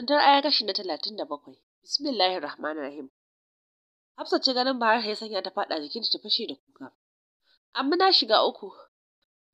Tsintar aya kashi na talatin da bakwai. Bismillahir Rahmanir Rahim. hafsa ce ganin Bahar ya sanya ta faɗa jikinta ta fashe da kuka. Amma na shiga uku.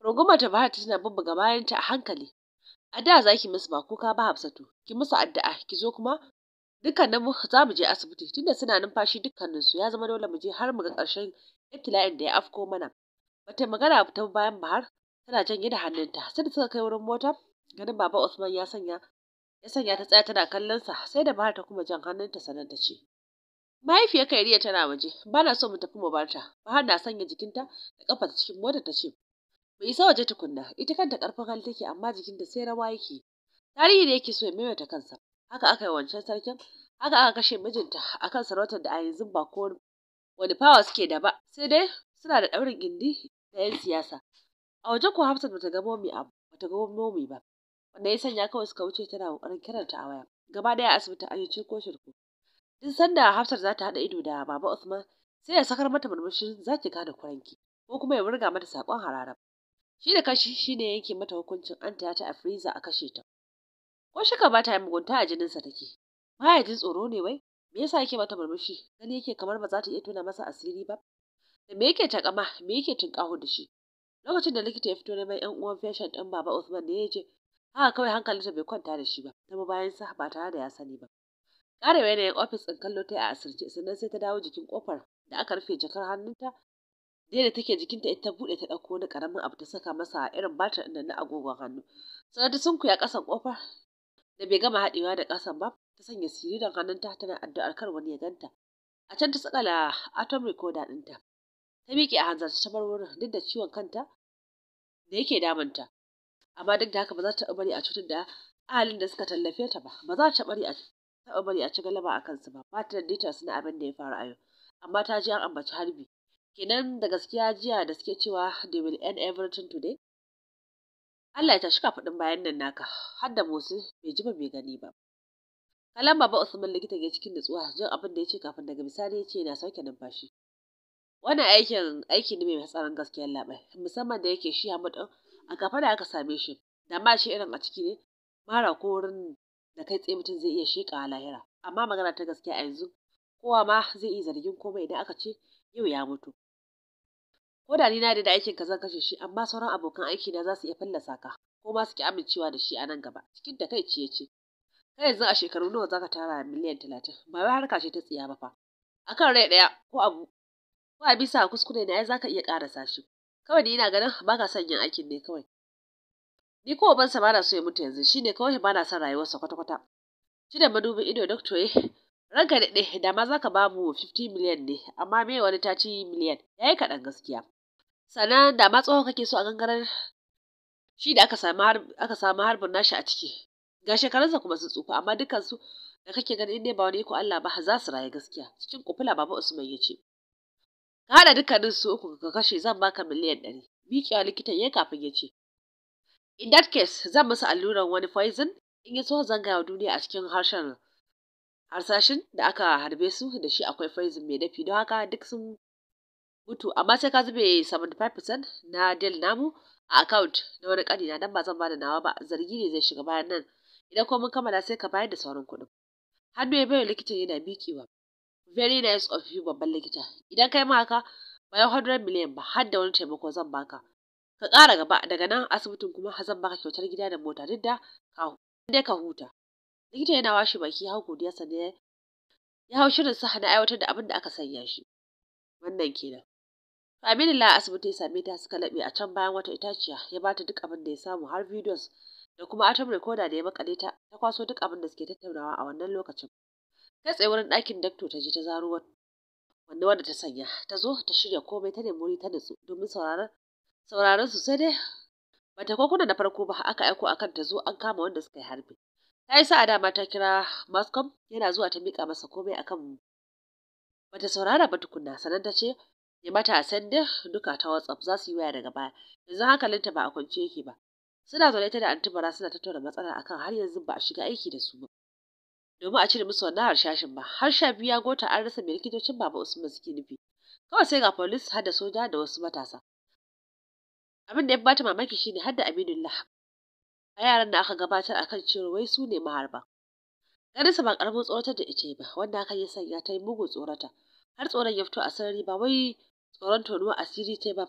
Rungumar ta ta tana bubbuga bayanta a hankali. A da za ki musu ba kuka ba Hafsatu, ki musu addu'a, ki zo kuma dukkanin mu za mu je asibiti tunda suna numfashi dukkanin su ya zama dole mu je har mu ga ƙarshen ibtila'in da ya afko mana. Bata magana ta bayan Bahar tana janye da hannunta sai da suka kai wurin mota ganin Baba Usman ya sanya ya sanya ta tsaya tana kallon sa sai da bahar ta kuma jan hannunta sannan ta ce mahaifiyar riya tana waje ba na so mu tafi mu barta bahar na sanya jikinta da kafa cikin motar ta ce mu isa waje tukunna ita kanta karfin hali take amma jikinta sai rawa yake tarihi da yake so ya maimaita kansa haka aka yi wancan sarkin haka aka kashe mijinta akan sarautar da a yanzu ba ko wani fawa suke da ba sai dai suna da daurin gindi da yan siyasa a waje ko hafsat bata ga momi abu bata ba wanda ya sanya kawai suka wuce tana kokarin kiranta a waya gaba daya asibiti an yi cirko cirko duk sanda Hafsat za ta haɗa ido da Baba Usman sai ya sakar mata murmushin za ki gane kuranki ko kuma ya wurga mata sakon harara shi da kashi shi ne yanke mata hukuncin an ta a freezer a kashe ta ko shika ba ta yi mugunta a jininsa take jin tsoro ne wai me yasa yake mata murmushi gani yake kamar ba za ta iya tona masa asiri ba da me yake takama me yake tunƙaho da shi lokacin da likita ya fito neman yan uwan feshin ɗin baba Usman ne ya je haka kawai hankalinta bai kwanta da shi ba ta bayan sa ba tare da ya sani ba karewa yanayin ofis ɗin kallo ta a asirce sannan sai ta dawo jikin kofar da aka rufe jakar hannunta da take jikinta ita buɗe ta ɗauko wani ƙaramin abu ta saka masa irin batir ɗin na agogon hannu sannan ta sunkuya ƙasan kofar da bai gama haɗewa da ƙasan ba ta sanya siririn hannunta tana addu'ar kar wani ya ganta a can ta sakala atom recorder ɗinta ta miƙe a hanzarta ta bar wurin duk da ciwon kanta da yake damunta amma duk da haka ba za ta taɓa bari a cutar da halin da suka tallafe ta ba ba za ta bari a taɓa bari a ci galaba a kansu ba ba ta daidaita na abin da ya faru a yau amma ta ji an ambaci harbi kenan da gaskiya jiya da suke cewa they will end everything today Allah ya tashi kafaɗin bayan nan naka har da motsi bai ji ba bai gani ba kalan baba Usman likita ya cikin nutsuwa jin abin da ya ce kafin daga misali ya ce yana sauke numfashi wannan aikin aiki ne mai hatsarin gaskiyar labai musamman da yake shi Ahmad a kafa da aka same shi da ma shi irin a ciki ne mara ko wurin da kai tsaye mutum zai iya sheƙa a lahira amma magana ta gaskiya a yanzu kowa ma zai iya zargin komai idan aka ce yau ya mutu ko da ni na da aikin ka zan kashe shi amma sauran abokan aiki na za su iya fallasa ka ko ma su ki amincewa da shi a nan gaba cikin da kai ciye ce kai yanzu a shekaru nawa zaka tara miliyan talatin ba wai harka ce ta tsiya ba fa akan rai ɗaya ko abu ko a bisa kuskure ne ai zaka iya karasa shi kawai ni yana ganin ba ka son yin aikin ne kawai ni ko ban sa bana so ya mutu yanzu shine kawai bana son rayuwarsa kwata kwata shi da madubin ido doctor eh ranka daɗe da ma za ka ba mu 50 miliyan ne amma me wani ta ci miliyan yi kaɗan gaskiya sannan da ma tsohon kake so a gangaren shi da aka samu harbin nashi a ciki ga shekarunsa kuma sun tsufa amma dukansu da kake ganin in ba wani iko Allah ba za su raye gaskiya cikin kufula baba Usman ya ce ka haɗa dukkanin su uku ka kashe zan baka miliyan ɗari Bikiyar likitan ya kafin ya ce in that case zan musu alluran wani poison in yi tsohon zanga wa duniya a cikin harshen harsashin da aka harbe su da shi akwai poison mai dafi don haka duk sun mutu amma sai ka zube 75% na del namu a account na wani ƙanina dan ba zan bada nawa ba zargi ne zai shiga bayan nan idan kuma mun kammala sai ka bayar da sauran kuɗin hannu ya bayar likitan yana miƙewa very nice of you babban likita idan kai maka, haka bayan 100 million ba har da wani taimako zan baka ka ƙara gaba daga nan asibitin kuma zan baka kyautar gida da mota duk da ka dai ka huta likita yana washe baki ya hau godiya sannan ya hau shirin sa na aiwatar da abin da aka sanya shi wannan kenan Aminu asibiti ya same ta suka laɓe a can bayan wata itaciya ya bata duk abin da ya samu har videos da kuma atom recorder da ya makale ta ta kwaso duk abin da suke tattaunawa a wannan lokacin kai tsaye wurin ɗakin dakto ta je ta zaro wanda wanda ta sanya ta zo ta shirya komai ta nemi wuri ta nutsu domin sauraron sauraron su sai dai bata ko kuna na farko ba aka aiko akan ta zo an kama wanda suka yi harbi ta yi sa'a dama ta kira mascom yana zuwa ta miƙa masa komai akan bata saurara ba tukunna sannan ta ce ya mata a duka ta whatsapp za su yi waya daga baya yanzu hankalinta ba a kwance yake ba suna zaune ta da antibara suna tattauna matsala akan har yanzu ba a shiga aiki da su ba domin a cire musu wannan harshashin ba har sha biyu ya gota an rasa mai likitocin baba usman suke nufi kawai sai ga polis har da soja da wasu matasa abin da ya bata mamaki shine har da aminullah a yaran da aka gabatar akan cewa wai su ne maharba garinsa ba karamin tsorata da ita ba wanda ka yi sanya ta yi mugun tsorata har tsoron ya fito a sarari ba wai tsoron tonuwa asiri ta ba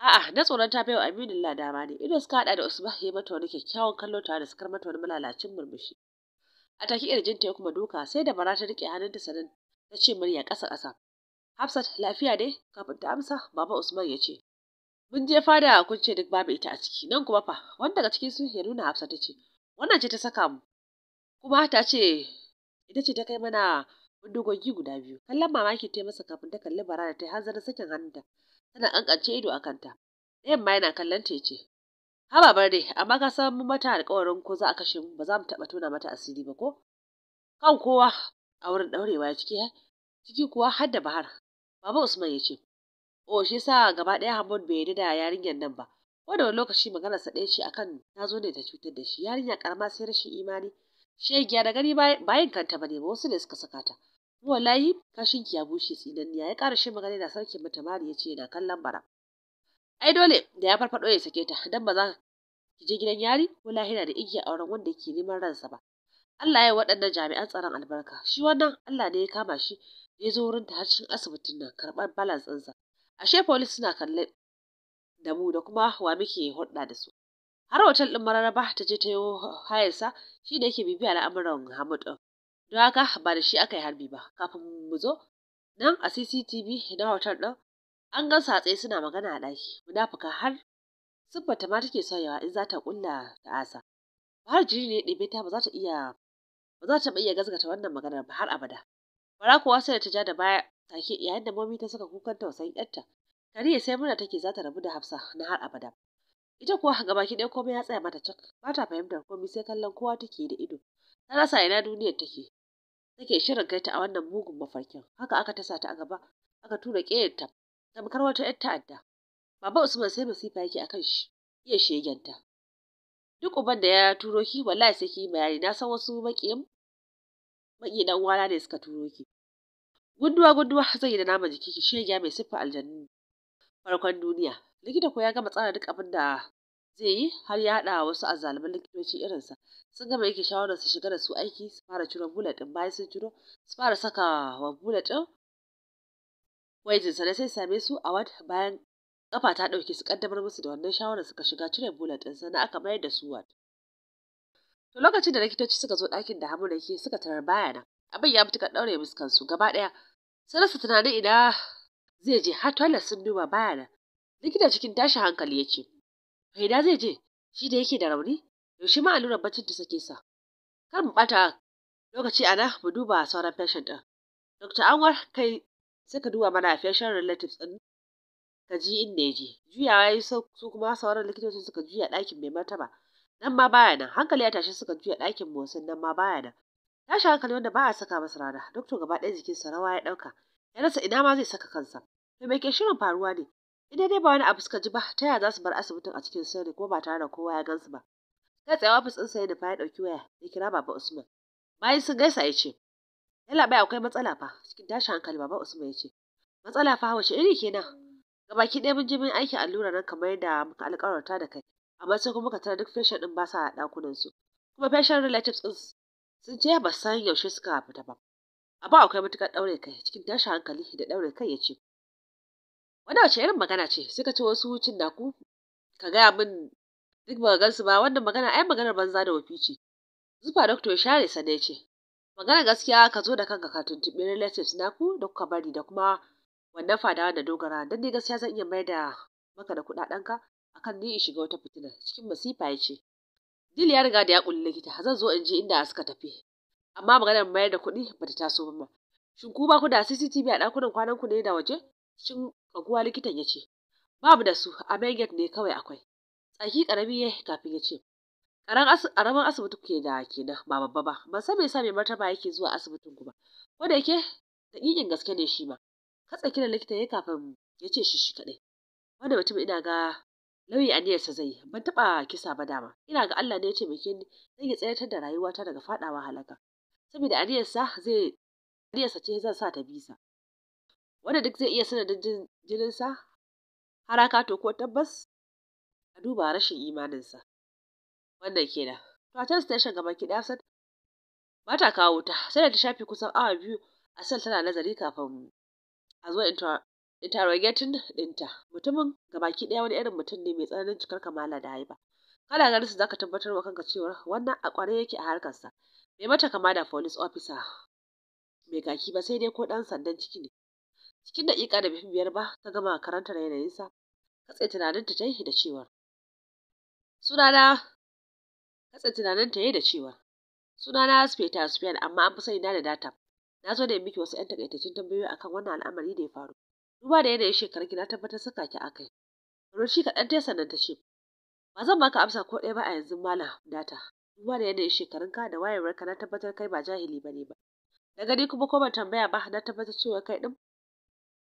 A'a, na tsoron ta baiwa Aminu dama ne. Ido suka hada da Usman ya mata wani kyakkyawan kallo tare da sukar mata wani malalacin murmushi. a take ta ya kuma duka sai da bara ta rike hannunta sanin ta ce murya ƙasa ƙasa Hafsat lafiya dai kafin ta amsa baba Usman ya ce mun je fada kun ce duk babu ita a ciki nan kuma fa wani daga cikin su ya nuna Hafsat ta ce wannan ce ta saka mu kuma ta ce ita ce ta kai mana bindigogi guda biyu kallon mamaki ta yi masa kafin ta kalli bara da ta yi hanzarin sakin hannunta tana kankance ido a kanta ɗayan ma yana kallon ta ya ce haba bar dai amma ka san mun mata alƙawarin ko za a kashe mu ba za mu taɓa tona mata asiri ba ko kan kowa a wurin ɗaurewa ya ciki ciki kuwa har da bahar baba usman ya ce o oh, shi sa gaba ɗaya hamad bai yarda da yarinyar nan ba ko da wani lokaci sa ɗaya ce akan na zo ne ta cutar da shi yarinya karama sai rashin imani shegiya da gani bayan kanta ba ne ba wasu ne suka saka ta wallahi ki ya bushe tsinanniya ya ƙara shi magana da sarki mata mari ya ce yana kallon bara ai dole da ya farfaɗo ya sake ta dan ba za ki je gidan yari ko lahira da igiya auren wanda ke neman ransa ba Allah ya waɗannan jami'an tsaron albarka shi wannan Allah ne ya kama shi ya zo wurin ta har cikin asibitin nan karɓar balance ɗinsa ashe police suna kalle da mu da kuma wa muke hulɗa da su har hotel ɗin mararaba ta je ta yi hayarsa shi da yake bibiya al'amuran Hamad ɗin don haka ba da shi aka yi harbi ba kafin mu zo nan a CCTV na hotel ɗin An gan su suna magana a ɗaki. Munafuka har ta ma take sauyawa in za ta ƙulla ta'asa. har jiri ne ya ɗebe ta ba za ta iya ba za ta iya gaskata wannan maganar ba har abada. Bara kuwa sai da ta ja da baya take yayin da mami ta saka kukan ta tausayin yarta. Kariya sai murna take za ta rabu da Hafsa na har abada. Ita kuwa baki ɗaya komai ya tsaya mata cak ba ta fahimtar komai sai kallon kowa take da ido. Ta rasa ina duniyar take. Take shirin kai ta a wannan mugun mafarkin. Haka aka tasa ta a gaba aka tura ƙeyarta tamkar wata 'yar ta'adda baba usman sai masifa yake akan shi iya shegenta duk uban da ya turo ki wallahi sai ki bayani na san wasu makiyan maki dan uwana ne suka turo ki gudduwa gudduwa zai yi da nama jiki ki shege mai siffa aljannu farkon duniya likita ko ya gama tsara duk abin da zai yi har ya haɗa wasu azzaluman likitoci irinsa sun gama yake shawarar su shiga da su aiki su fara ciro bullet din bayan sun ciro su fara saka wa bullet jinsa da sai same su a wata bayan kafa ta ɗauke su kaddamar musu da wannan shawarar suka shiga cire bullet ɗin sannan aka mayar da su wat. To lokacin da likitoci suka zo ɗakin da hamuna ke suka tarar bayana abin ya mutuka ɗaure su gaba daya. sai rasa tunanin ina zai je har toilet sun duba baya likita cikin tashi hankali ya ce da zai je shi da yake da rauni yaushe ma allurar baccin ta sake sa kar mu bata lokaci ana mu duba sauran patient ɗin Dr. Anwar kai sai ka duba mana fashion relatives ɗin ka ji inda ya je juyawa ya yi su kuma sauran likitocin suka juya ɗakin mai martaba nan ma baya nan hankali ya tashi suka juya ɗakin motsin nan ma baya nan tashi hankali wanda ba a saka masa rana doktor gaba ɗaya jikinsa rawa ya ɗauka ya rasa ina ma zai saka kansa to me ke shirin faruwa ne idan dai ba wani abu suka ji ba ta yaya za su bar asibitin a cikin sirri kuma ba tare da kowa ya gansu ba kai tsaye ofis ɗinsa ya nufa ya ɗauki waya ya kira baba usman bayan sun gaisa ya ce bai akwai matsala fa cikin tashin hankali baba Usman ya ce. Matsala fa wace iri kenan? Gabaki ɗaya mun je mun aiki allura nan kamar yadda muka alƙawarta da kai. Amma sai kuma muka tara duk fashion ɗin ba sa ɗakunan su. Kuma fashion relatives din sun ce ba san yaushe suka fita ba. Abu akwai matuƙar daure kai cikin tashin hankali da daure kai ya ce. Wannan wace irin magana ce? Sai ka ce wasu da ku ka gaya min duk ba gansu ba wannan magana ai maganar banza da wafi ce. Zufa doctor share ce Magana gaskiya ka zo da kanka ka tuntuɓi relatives ku da kuka bari da kuma wannan fadawa da dogara Don ni gaskiya zan iya mayar da maka da kuɗaɗenka akan ni in shiga wata fitilar? cikin masifa ya ce Dil ya riga da ya ƙulli likita zan zo in je inda suka tafi amma maganar mayar da kuɗi bata taso ba shin ku ba ku da CCTV a ɗakunan kwanan ku ne da waje shin kaguwa likitan ya ce babu da su a ne kawai akwai tsaki ƙarami ya kafin ya ce ƙaramin asibiti kuke da kenan ba babba ba ban san me yasa mai martaba yake zuwa asibitin ku ba ko da yake dakikin gaske ne shi ma katsa da likita ya kafin ya ce shi shi kaɗai wanda mutum ina ga lauyi sa zai ban taɓa kisa ba dama ina ga Allah ne ya taimake ni zai yi tsayatar da rayuwata daga fadawa halaka saboda sa zai sa ce zan sa ta bisa wanda duk zai iya sanadin sa haraka to ko tabbas a duba rashin imaninsa wannan kenan to a can station gaba ki ɗaya ba ta kawo ta sai da ta shafe kusan awa biyu a sal tana nazari kafin a zo interrogating ɗinta mutumin gabaki ɗaya wani irin mutum ne mai tsananin cikar kamala da haiba kana ganin su zaka tabbatar wa kanka cewa wannan a kware yake a sa bai mata kama da police officer mai kaki ba sai dai ko ɗan sandan ciki ne cikin daƙiƙa da bifin biyar ba ta gama karantar yanayinsa tsaye tunaninta ta yi da cewar sunana Katse tunaninta yayi da cewa sunana ta Spian amma an fi sani na da data. Na zo da ya miki wasu 'yan takaitaccen tambayoyi akan wannan al'amari da ya faru. Duba da yanayin shekarunki na tabbatar saka ki akai. shi kaɗan ta sannan ta ce ba zan baka amsa ko ɗaya ba a yanzu mala data. Duba da yanayin shekarunka da wayewarka na tabbatar kai ba jahili ne ba. Da gani kuma ko ban tambaya ba na tabbatar cewa kai ɗin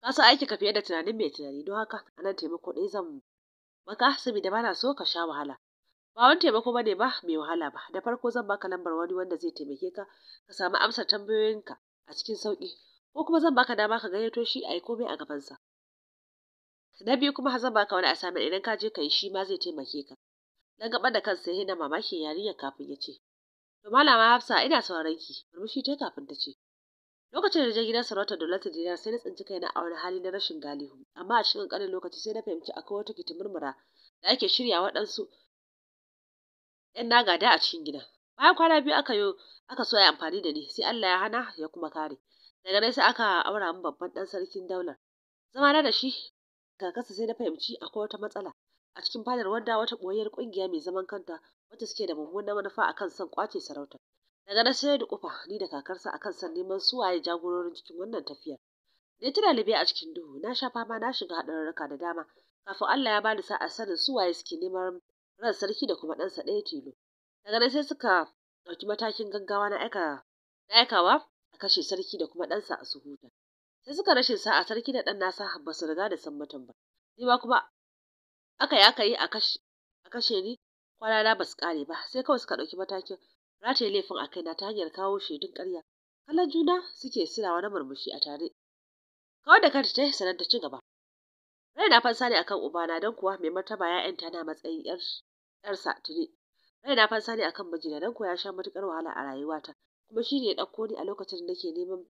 ka san aiki ka fiye da tunanin mai tunani don haka anan taimako ɗaya zan maka saboda bana so ka sha wahala ba wani taimako bane ba mai wahala ba da farko zan baka lambar wani wanda zai taimake ka ka samu amsar tambayoyinka a cikin sauki ko kuma zan baka dama ka gayyato shi a yi komai a gabansa na biyu kuma zan baka wani asamin idan ka je ka yi shi ma zai taimake ka dan gaba da kansa ya na mamakin yarinyar kafin ya ce to malama Hafsa ina sauran ki murmushi ta kafin ta ce lokacin da je gidan da Dolatin Dinar sai na tsinci kaina a wani hali na rashin galihu amma a cikin ƙanin lokaci sai na fahimci akwai wata kitimurmura da ake shirya waɗansu 'yan na gada a cikin gida Bayan kwana biyu aka yo aka so a yi amfani da ni sai Allah ya hana ya kuma kare. Daga nan sai aka aura min babban ɗan sarkin daular. na da shi kakarsa sai na fahimci akwai wata matsala a cikin fadar wanda wata ɓoyayyar ƙungiya mai zaman kanta wacce suke da mummunar manufa akan son kwace sarauta. Daga nan sai da kufa ni da kakarsa akan son neman suwaye jagororin cikin wannan tafiyar. Ni tuna a cikin duhu na sha fama na shiga haɗarurruka da dama kafin Allah ya bani sa'a sanin su waye suke neman ran sarki da kuma ɗansa ɗaya tilo daga nan sai suka ɗauki matakin gaggawa na aika na aikawa a kashe sarki da kuma ɗansa a suhuta sai suka rashin sa'a sarki da ɗan nasa ba su riga da san mutum ba ni ma kuma aka yi aka yi a kashe ni kwana ba su ƙare ba sai kawai suka ɗauki matakin rataye laifin a na ta hanyar kawo shaidun ƙarya kallon juna suke sirawa na murmushi a tare kawai da kanta ta sanar da ci gaba na fansa ne akan ubana don kuwa mai martaba ya ‘yanta ni matsayin ‘yarsa tuni. na fansa ne akan mijina don kuwa ya sha matuƙar wahala a rayuwata kuma shi ne ya ɗauko ni a lokacin da nake neman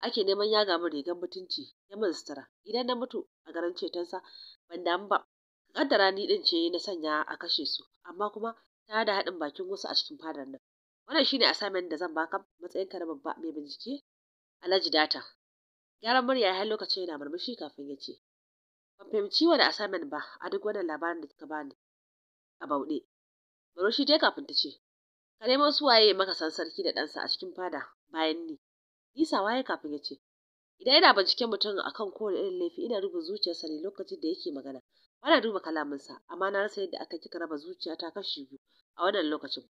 ake neman yaga min rigar mutunci ya min sutura. Idan na mutu a garin cetonsa ban damu ba. kaddara ni din ce na sanya a kashe su amma kuma ta da haɗin bakin wasu a cikin fadar nan. Wannan shi ne assignment da zan baka matsayin na babba mai bincike Alhaji Data. Gyaran murya ya har lokacin yana murmushi kafin ya ce. Ban fahimci wani assignment ba a duk wannan labarin da kika bani a bauɗe. shi dai kafin ta ce, Ka nemo su waye maka san sarki da ɗansa a cikin fada bayan ni. Nisa waye kafin ya ce, Idan ina binciken mutum akan kowane irin laifi ina duba zuciyarsa ne lokacin da yake magana. Ba na duba kalaminsa amma na rasa yadda aka kika raba zuciyata kashi biyu a wannan lokacin.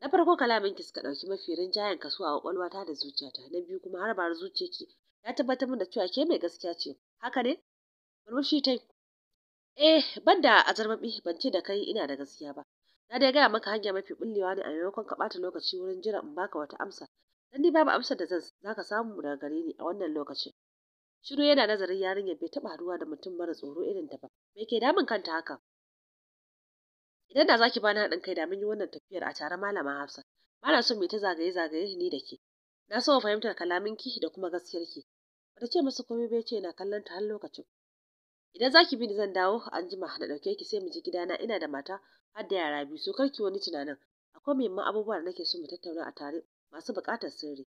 Na farko kalaminki suka ɗauki mafi rinjayen kaso a ƙwaƙwalwata da zuciyata. Na biyu kuma harbar zuciyarki ya tabbatar min da cewa ke mai gaskiya ce. Haka ne? Murmushi ta yi. Eh, ban da azarbaɓi ban ce da kai ina da gaskiya ba. Na dai gaya maka hanya mafi bullewa ne a maimakon ka ɓata lokaci wurin jira in baka wata amsa. Dan ni babu amsar da za ka samu daga gare ni a wannan lokacin. Shiru yana nazarin yarinyar bai taɓa haduwa da mutum mara tsoro irin ta ba. Me ke damun kanta haka? Idan da zaki bani haɗin kai da mun yi wannan tafiyar a tare malama Hafsa. Ba na son me ta zagaye-zagaye ni da ke. Na so fahimtar kalaminki da kuma gaskiyarki. Bata ce masa komai ba ya ce yana kallon ta har lokacin. idan za ki bi ni zan dawo anjima da ɗauke ki sai mu je gidana ina da mata har da yara biyu so kar ki wani tunanin akwai muhimman abubuwa da nake so mu tattauna a tare masu buƙatar sirri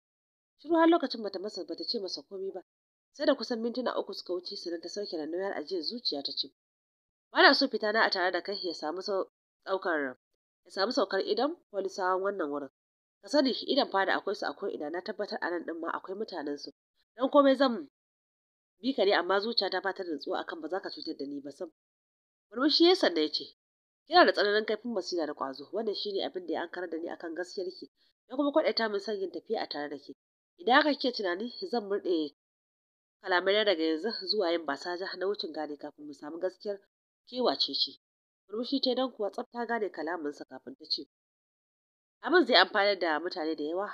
shiru har lokacin bata masa bata ce masa komai ba sai da kusan mintuna uku suka wuce sannan ta sauke da nauyar ajiyar zuciya ta ce ba na so fita na a tare da kai ya samu ya samu saukar idan polisawan wannan wurin ka sani idan fada akwai su akwai ina na tabbatar a nan ɗin ma akwai mutanen su dan komai zan bi ne amma zuciya ba ta da nutsuwa akan ba za ka cutar da ni ba sam murmushi ya sanna ya ce kina da tsananin kaifin basira da ƙwazo wannan shine abin da ya ankara da ni akan gaskiyarki ya kuma kwaɗaita min son yin tafiya a tare da ke idan aka kike tunani zan murɗe kalamai na daga yanzu zuwa yin basaja na wucin gane kafin mu samu gaskiyar kewace ce murmushi ta dan kuwa tsafta gane kalaminsa kafin ta ce abin zai amfana da mutane da yawa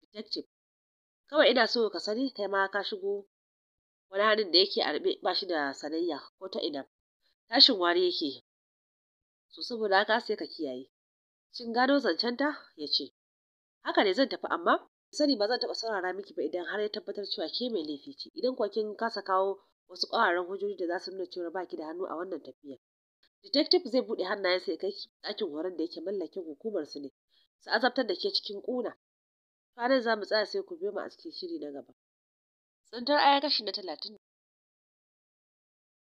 detective kawai ina so ka sani kai ma ka shigo wani hannun da yake a rabe ba shi da sanayya ko ta ina tashin wari yake so saboda haka sai ka kiyaye shin gado zancen ta ya ce haka ne zan tafi amma sani ba zan taɓa saurara miki ba idan har ya tabbatar cewa ke mai laifi ce idan kuwa kin kasa kawo wasu ƙwararren hujjoji da za su nuna cewa baki da hannu a wannan tafiya. detective zai buɗe hannayensa ya kai ɗakin horon da yake mallakin hukumar su ne su azabtar da ke cikin ƙuna kwanan za mu tsaya sai ku biyo mu a cikin shiri na gaba Tsintar aya kashi na talatin